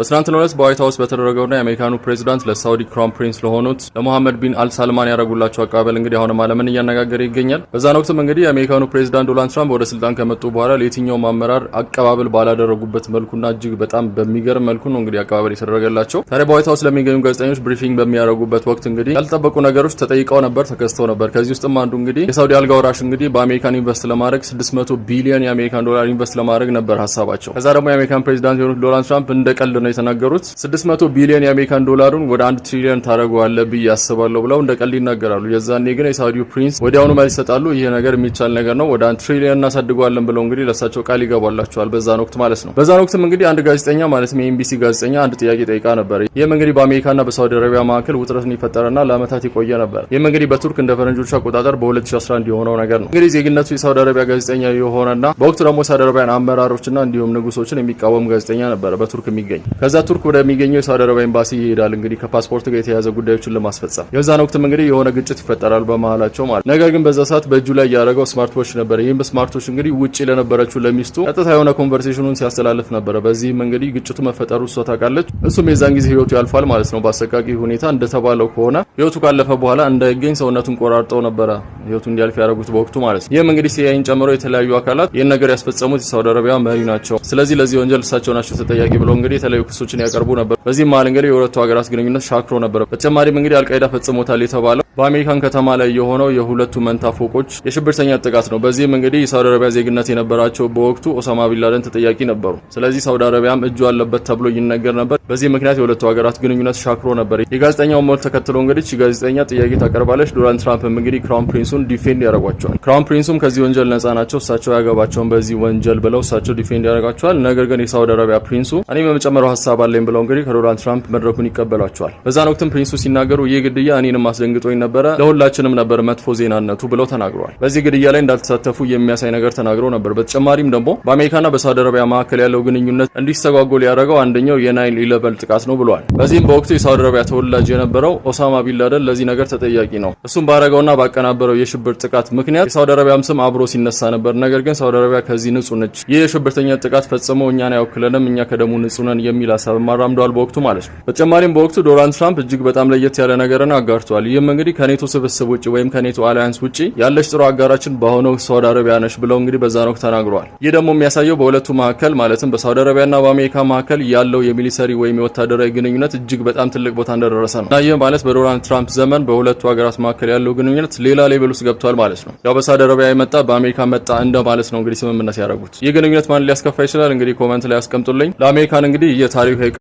በትናንትናው ዕለት በዋይት ሀውስ በተደረገውና የአሜሪካኑ ፕሬዚዳንት ለሳውዲ ክራውን ፕሪንስ ለሆኑት ለሞሐመድ ቢን አልሳልማን ያደረጉላቸው አቀባበል እንግዲህ አሁንም ዓለምን እያነጋገረ ይገኛል። በዛን ወቅትም እንግዲህ የአሜሪካኑ ፕሬዚዳንት ዶናልድ ትራምፕ ወደ ስልጣን ከመጡ በኋላ ለየትኛውም አመራር አቀባበል ባላደረጉበት መልኩና እጅግ በጣም በሚገርም መልኩ ነው እንግዲህ አቀባበል የተደረገላቸው። ታዲያ በዋይት ሀውስ ለሚገኙ ጋዜጠኞች ብሪፊንግ በሚያደርጉበት ወቅት እንግዲህ ያልጠበቁ ነገሮች ተጠይቀው ነበር፣ ተከስተው ነበር። ከዚህ ውስጥም አንዱ እንግዲህ የሳውዲ አልጋ ወራሽ እንግዲህ በአሜሪካን ኢንቨስት ለማድረግ 600 ቢሊዮን የአሜሪካን ዶላር ኢንቨስት ለማድረግ ነበር ሀሳባቸው። ከዛ ደግሞ የአሜሪካን ፕሬዚዳንት የሆኑት ዶናልድ ትራምፕ እንደ ቀልድ ነው ነው የተናገሩት። 600 ቢሊዮን የአሜሪካን ዶላሩን ወደ አንድ ትሪሊዮን ታደረገዋለህ ብዬ አስባለሁ ብለው እንደ ቀልድ ይናገራሉ። የዛኔ ግን የሳውዲው ፕሪንስ ወዲያውኑ መልስ ይሰጣሉ። ይህ ነገር የሚቻል ነገር ነው፣ ወደ አንድ ትሪሊዮን እናሳድገዋለን ብለው እንግዲህ ለሳቸው ቃል ይገባላቸዋል። በዛን ወቅት ማለት ነው። በዛን ወቅትም እንግዲህ አንድ ጋዜጠኛ ማለትም የኤምቢሲ ጋዜጠኛ አንድ ጥያቄ ጠይቃ ነበር። ይህም እንግዲህ በአሜሪካና በሳውዲ አረቢያ መካከል ውጥረትን ይፈጠረና ለአመታት ይቆየ ነበር። ይህም እንግዲህ በቱርክ እንደ ፈረንጆቹ አቆጣጠር በ2011 የሆነው ነገር ነው። እንግዲህ ዜግነቱ የሳውዲ አረቢያ ጋዜጠኛ የሆነና በወቅቱ ደግሞ ሳውዲ አረቢያን አመራሮችና እንዲሁም ንጉሶችን የሚቃወም ጋዜጠኛ ነበረ በቱርክ የሚገኝ ከዛ ቱርክ ወደሚገኘው የሳውዲ አረቢያ ኤምባሲ ይሄዳል። እንግዲህ ከፓስፖርት ጋር የተያዘ ጉዳዮችን ለማስፈጸም የዛን ወቅትም እንግዲህ የሆነ ግጭት ይፈጠራል በመሀላቸው ማለት። ነገር ግን በዛ ሰዓት በእጁ ላይ ያደረገው ስማርት ዎች ነበር። ይህም ስማርት ዎች እንግዲህ ውጪ ለነበረችው ለሚስቱ ቀጥታ የሆነ ኮንቨርሴሽኑን ሲያስተላልፍ ነበረ። በዚህም እንግዲህ ግጭቱ መፈጠሩ እሷ ታውቃለች፣ እሱም የዛን ጊዜ ህይወቱ ያልፋል ማለት ነው። በአሰቃቂ ሁኔታ እንደተባለው ከሆነ ህይወቱ ካለፈ በኋላ እንዳይገኝ ሰውነቱን ቆራርጠው ነበረ ህይወቱ እንዲያልፍ ያደረጉት በወቅቱ ማለት ነው። ይህም እንግዲህ ሲያይን ጨምሮ የተለያዩ አካላት ይህን ነገር ያስፈጸሙት የሳውዲ አረቢያ መሪ ናቸው። ስለዚህ ለዚህ ወንጀል እሳቸው ናቸው ተጠያቂ ብለው እንግዲህ የተለያዩ ክሶችን ያቀርቡ ነበር። በዚህም መሀል እንግዲህ የሁለቱ ሀገራት ግንኙነት ሻክሮ ነበር። በተጨማሪም እንግዲህ አልቃይዳ ፈጽሞታል የተባለው በአሜሪካን ከተማ ላይ የሆነው የሁለቱ መንታ ፎቆች የሽብርተኛ ጥቃት ነው። በዚህም እንግዲህ የሳውዲ አረቢያ ዜግነት የነበራቸው በወቅቱ ኦሳማ ቢንላደን ተጠያቂ ነበሩ። ስለዚህ ሳውዲ አረቢያም እጁ አለበት ተብሎ ይነገር ነበር። በዚህ ምክንያት የሁለቱ ሀገራት ግንኙነት ሻክሮ ነበር። የጋዜጠኛው ሞት ተከትሎ እንግዲህ ጋዜጠኛ ጥያቄ ታቀርባለች። ዶናልድ ትራምፕም እንግዲህ ክራውን ፕሪንሱን ዲፌንድ ያደርጓቸዋል። ክራውን ፕሪንሱም ከዚህ ወንጀል ነጻ ናቸው፣ እሳቸው ያገባቸውን በዚህ ወንጀል ብለው እሳቸው ዲፌንድ ያደርጋቸዋል። ነገር ግን የሳውዲ አረቢያ ፕሪንሱ እኔም የመጨመረው ሀሳብ አለኝ ብለው እንግዲህ ከዶናልድ ትራምፕ መድረኩን ይቀበሏቸዋል። በዛን ወቅትም ፕሪንሱ ሲናገሩ ይህ ግድያ እኔንም አስደንግጦኝ ነበረ፣ ለሁላችንም ነበር መጥፎ ዜናነቱ ብለው ተናግረዋል። በዚህ ግድያ ላይ እንዳልተሳተፉ የሚያሳይ ነገር ተናግረው ነበር። በተጨማሪም ደግሞ በአሜሪካና በሳውዲ አረቢያ መካከል ያለው ግንኙነት እንዲስተጓጎል ያደረገው አንደኛው የናይል ኢለቨን ጥቃት ነው ብለዋል። በዚህም በወቅቱ የሳውዲ አረቢያ ተወላጅ የነበረው ኦሳማ ቢንላደን ለዚህ ነገር ተጠያቂ ነው። እሱም ባረገውና ባቀናበረው የሽብር ጥቃት ምክንያት የሳውዲ አረቢያም ስም አብሮ ሲነሳ ነበር። ነገር ግን ሳውዲ አረቢያ ከዚህ ንጹህ ነች። ይህ የሽብርተኛ ጥቃት ፈጽሞ እኛን አይወክለንም፣ እኛ ከደሙ ንጹህ ነን የሚል ሀሳብም አራምደዋል በወቅቱ ማለት ነው። በተጨማሪም በወቅቱ ዶናልድ ትራምፕ እጅግ በጣም ለየት ያለ ነገርን አጋርተዋል። ይህም እንግዲህ ከኔቶ ስብስብ ውጭ ወይም ከኔቶ አሊያንስ ውጭ ያለች ጥሩ አጋራችን በሆነው ሳውዲ አረቢያ ነች ብለው እንግዲህ በዛን ወቅት ተናግረዋል። ይህ ደግሞ የሚያሳየው በሁለቱ መካከል ማለትም በሳውዲ አረቢያና በአሜሪካ መካከል ያለው የሚሊተሪ ወይም የወታደራዊ ግንኙነት እጅግ በጣም ትልቅ ቦታ እንደደረሰ ነው እና ይህ ማለት በዶናልድ ትራምፕ ዘመን በሁለቱ ሀገራት መካከል ያለው ግንኙነት ሌላ ሌቨል ውስጥ ገብቷል ማለት ነው። ያው በሳውዲ አረቢያ የመጣ በአሜሪካ መጣ እንደ ማለት ነው እንግዲህ ስምምነት ያደረጉት። ይህ ግንኙነት ማን ሊያስከፋ ይችላል? እንግዲህ ኮመንት ላይ አስቀምጡልኝ። ለአሜሪካን እንግዲህ tarih